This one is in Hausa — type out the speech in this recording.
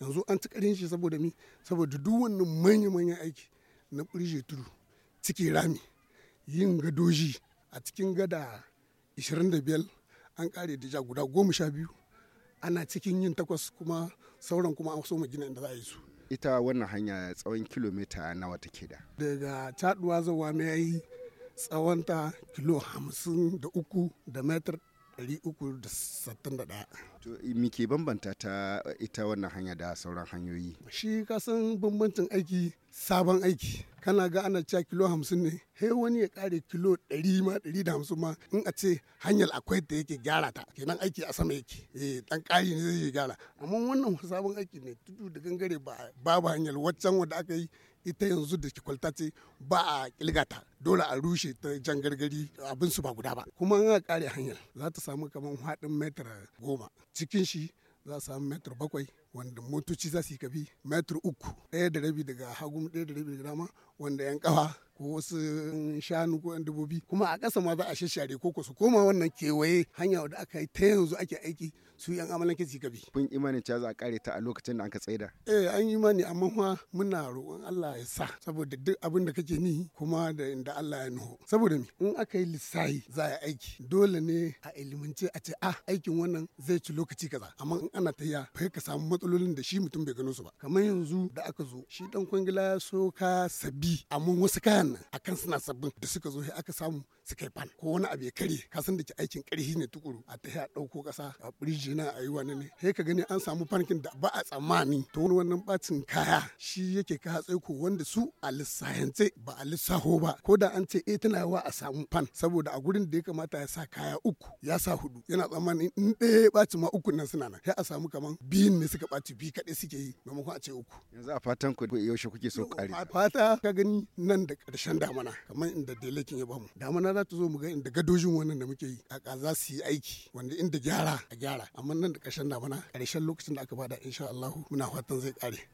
yanzu an ci karin shi saboda mi saboda duk wannan manya-manyan aiki na ɓirje tudu ciki rami yin gadoji a cikin gada 25 an kare da guda goma sha biyu ana cikin yin takwas kuma sauran kuma an so mu gina inda za a yi su ita wannan hanya tsawon kilomita nawa take da daga caduwa zuwa mai tsawonta kilo hamsin da uku da metar 361 to ke bambanta ta eh, ita wannan hanya da sauran hanyoyi shi kasan bambancin aiki sabon aiki kana ga ana cewa kilo hamsin ne sai wani ya kare kilo ɗari ma ɗari da hamsin ma in a ce hanyar akwai da yake gyara ta kenan aiki a sama yake eh dan kayi ne zai gyara amma wannan sabon aiki ne tudu da gangare ba babu hanyar waccan wanda aka yi ita yanzu da kwalta ce ba a ilgata dole a rushe ta jan gargari abin su ba guda ba kuma in a kare hanyar za ta samu kamar haɗin metar goma cikin shi za a samu metar bakwai wanda motoci za su yi kabi metar uku ɗaya da rabi daga hagu ɗaya da rabi da dama wanda yan kafa ko wasu shanu ko yan dubobi kuma a ƙasa ma za a shashare ko su koma wannan kewaye hanya da aka yi ta yanzu ake aiki su yan amalan kici gabi. Kun imani cewa za a kare ta a lokacin da aka tsaida? Eh an yi imani amma kuma muna roƙon Allah ya sa saboda duk abin da kake ni kuma da inda Allah ya nuhu. Saboda me in aka yi lissahi za a aiki dole ne a ilimince a ce ah aikin wannan zai ci lokaci kaza amma in ana tayya fa ka samu matsalolin da shi mutum bai gano su ba. Kamar yanzu da aka zo shi dan kwangila ya so ka sabbi a amma wasu kayan nan akan suna sabbin da suka zo sai aka samu suka yi ban ko wani abu ya kare ka san da ke aikin karhi ne tukuru a ta a ɗauko kasa. a birji na a yi wani ne sai ka gani an samu fankin da ba a tsammani to wani wannan bacin kaya shi yake ka ko wanda su a lissahance ba a lissaho ba ko da an ce eh tana yawa a samu fan saboda a gurin da ya kamata ya sa kaya uku ya sa hudu yana tsammani in ɗaya ya ɓaci ma uku nan suna nan sai a samu kaman biyun ne suka ɓaci biyu kaɗai suke yi maimakon a ce uku yanzu a fatan ku yaushe kuke so ƙari fata gani nan da ƙarshen damana kamar inda delekin ya bamu damana za ta zo mu ga inda gadojin wannan da muke yi a za su yi aiki wanda inda gyara a gyara amma nan da ƙarshen damana ƙarshen lokacin da aka bada insha Allah muna fatan zai ƙare